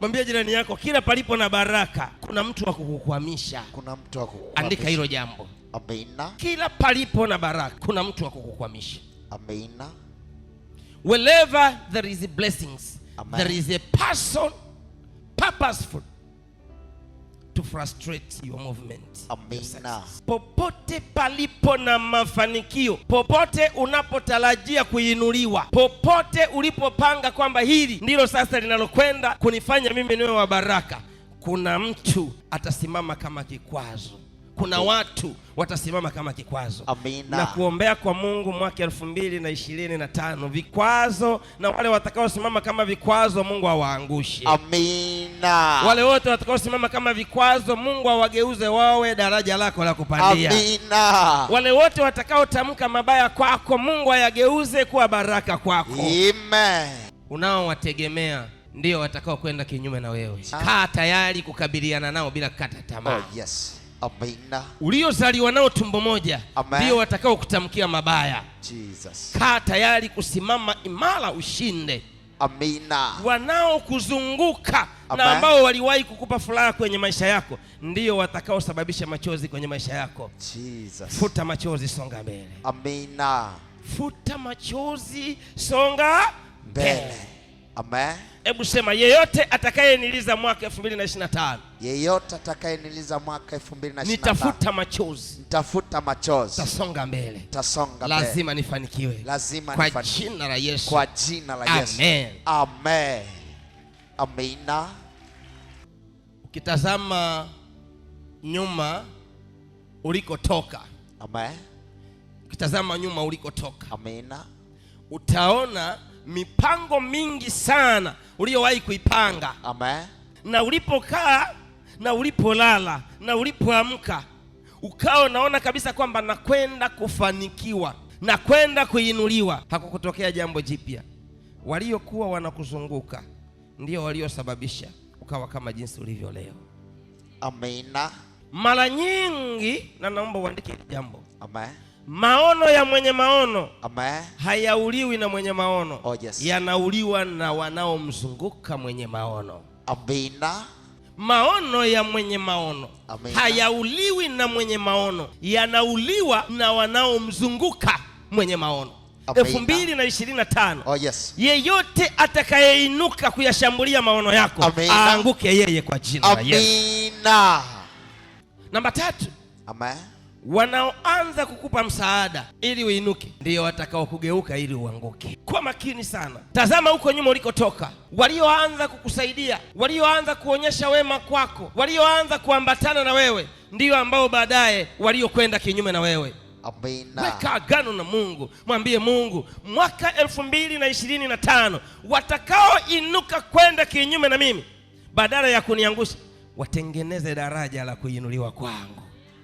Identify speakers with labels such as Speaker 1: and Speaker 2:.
Speaker 1: Mwambie jirani yako, kila palipo na baraka kuna mtu wa kukukwamisha.
Speaker 2: Kuna mtu wa kukukwamisha.
Speaker 1: Andika hilo jambo. Amina. Kila palipo na baraka kuna mtu wa kukukwamisha. Amina. Wherever there is blessings, Amen. there is a person purposeful to frustrate your movement. Amen. Popote palipo na mafanikio, popote unapotarajia kuinuliwa, popote ulipopanga kwamba hili ndilo sasa linalokwenda kunifanya mimi niwe wa baraka, kuna mtu atasimama kama kikwazo kuna watu watasimama kama kikwazo.
Speaker 2: Amina. Na
Speaker 1: kuombea kwa Mungu mwaka elfu mbili na ishirini na tano vikwazo na wale watakaosimama kama vikwazo Mungu awaangushe.
Speaker 2: Amina.
Speaker 1: Wale wote watakaosimama kama vikwazo Mungu awageuze wawe daraja lako la kupandia. Amina. Wale wote watakaotamka mabaya kwako Mungu ayageuze kuwa baraka kwako. Unaowategemea ndio watakao kwenda kinyume na wewe. Ah. Kaa tayari kukabiliana nao bila kukata tamaa. Oh, yes uliozaliwa nao tumbo moja ndio watakao kutamkia mabaya.
Speaker 2: Jesus.
Speaker 1: Kaa tayari kusimama imara ushinde.
Speaker 2: Amina.
Speaker 1: Wanaokuzunguka na ambao waliwahi kukupa furaha kwenye maisha yako ndio watakaosababisha machozi kwenye maisha yako.
Speaker 2: Jesus.
Speaker 1: Futa machozi, songa mbele.
Speaker 2: Amina.
Speaker 1: Futa machozi, songa mbele. Amen. Hebu sema yeyote atakayeniliza mwaka 2025.
Speaker 2: Yeyote atakayeniliza mwaka 2025.
Speaker 1: Nitafuta machozi.
Speaker 2: Nitafuta machozi.
Speaker 1: Tasonga mbele.
Speaker 2: Tasonga mbele.
Speaker 1: Lazima nifanikiwe. Lazima nifanikiwe. Kwa jina la Yesu.
Speaker 2: Kwa jina la Yesu. Amen. Amen. Amina.
Speaker 1: Ukitazama nyuma ulikotoka. Amen. Ukitazama nyuma ulikotoka. Amina. Utaona mipango mingi sana uliyowahi kuipanga. Amen. Na ulipokaa na ulipolala na ulipoamka, ukawa unaona kabisa kwamba nakwenda kufanikiwa, nakwenda kuinuliwa. Hakukutokea jambo jipya, waliokuwa wanakuzunguka ndio waliosababisha ukawa kama jinsi ulivyo leo.
Speaker 2: Amina.
Speaker 1: Mara nyingi na naomba uandike jambo. Amen. Maono ya mwenye maono hayauliwi na mwenye maono. Oh, yes. Yanauliwa na wanaomzunguka mwenye maono.
Speaker 2: Amina.
Speaker 1: Maono ya mwenye maono hayauliwi na mwenye maono, yanauliwa na wanaomzunguka mwenye maono. elfu mbili na ishirini na tano. Oh, yes. Yeyote atakayeinuka kuyashambulia maono yako Aanguke yeye kwa jina la
Speaker 2: Yesu. Namba tatu. Amen
Speaker 1: wanaoanza kukupa msaada ili uinuke ndiyo watakaokugeuka ili uanguke. Kwa makini sana, tazama huko nyuma ulikotoka, walioanza kukusaidia, walioanza kuonyesha wema kwako, walioanza kuambatana na wewe ndiyo ambao baadaye waliokwenda kinyume na wewe. Amina. Weka agano na Mungu, mwambie Mungu, mwaka elfu mbili na ishirini na tano watakaoinuka kwenda kinyume na mimi badala ya kuniangusha watengeneze daraja la kuinuliwa kwangu.